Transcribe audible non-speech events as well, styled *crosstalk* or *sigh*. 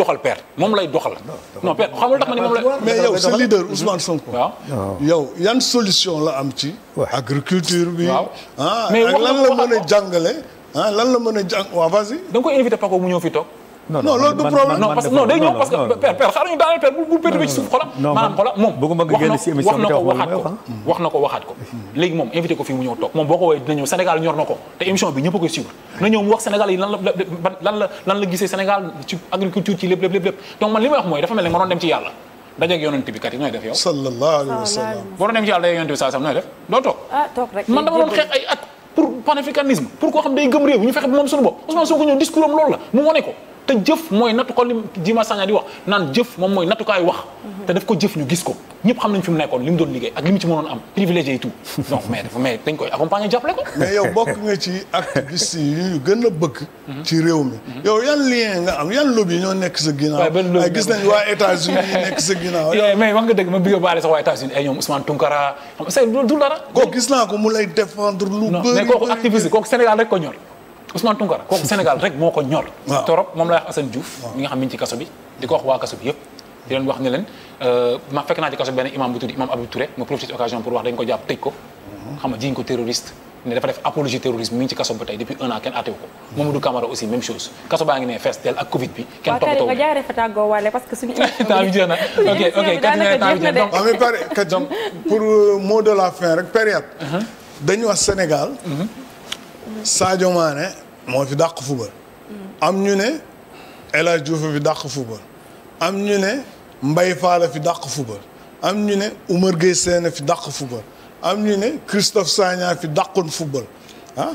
doxal per moom lay doxal. non père xamul tax ma ni moom lay. mais yow sa leader Ousmane Sonko. waaw yow yan solution la am ci. agriculture bi. ah ak lan la mën a jàngale. ah lan la mën a jàng waaw vas-y. da nga koy invité Paco mu ñëw fi toog. non non loolu du problème non parce que non day ñëw parce que père père xaaral ñu daaneel père bu bu perturbé ci suuf xolam. maanaam xolam moom bëgguma nga génn ci émission bi te wax waxaat ko wax na ko waxaat ko. léegi moom invité ko fii mu ñëw toog moom boo ko woowee dina ñëw Sénégal ñor na ko te émission bi ñëpp a koy suivre na ñëw mu wax Sénégal yi lan la lan la lan la gisee Sénégal ci agriculture ci lépp lépp lépp donc man li may wax mooy dafa mel ne nga doon dem ci yàlla dajeeg yonent bi kat yi nooy def yow. sallallahu alayhi wa sallam. boo doon dem ci yàlla dajeeg yonent bi saa sam nooy def doo toog. ah toog rek man dama doon xeex ay at pour panafricanisme pour koo xam day gëm réew ñu fexe bi moom suñu bopp Ousmane Sonko ñëw discours am loolu la mu wane ko te jëf mooy nattu ko lim Jima Sagna di wax naan jëf moom mooy nattukaay wax. Mhm. te daf ko jëf ñu gis ko ñëpp xam nañ fi mu nekkoon li mu doon liggéey ak li mu ci mënoon am privilégié *laughs* dafa mais dañ koy accompagner jàppale ko. mais yow bokk nga ci *laughs* mhm. mi mhm. yow yan lien nekk sa ginnaaw. waaw gis nañ waa États-Unis yi *laughs* eh, dëgg ma bëgg a baale sax waa États-Unis ay eh, ñoom Ousmane Tounkara xam gis naa ko mu lay défendre lu bëri. non mais kooku activiste Sénégal rek ko ñor Ousmane Tounkara kooku Sénégal rek moo ko ñor. torop moom la wax Assane Diouf. mi nga xam mi ci kaso bi di ko wax waa kaso bi yëpp. di euh, mhm. ne dafa def apologie terrorisme mi ci kaso ba tey depuis un an kenn atewu ko. Mhm. Mamadou Camara aussi même chose kaso baa ngi ne fees del ak Covid bi. kenn toppatoo nga jaaree fa tàggoo wàlle parce que suñu. *laughs* temps bi jeex na ok ok daanaka jeex na de donc ah, mais pare kat pour euh, mot de la fin rek période. Uh-huh. dañu wax Sénégal. Uh-huh. Sadio Mané moo fi dàq football. am ñu ne El Hadj fi dàq football. am ñu ne Mbaye Fall fi daq football. am ñu ne Oumar Gueye fi daq football. am ñu ne Christophe Sagna fi dàqoon football ah.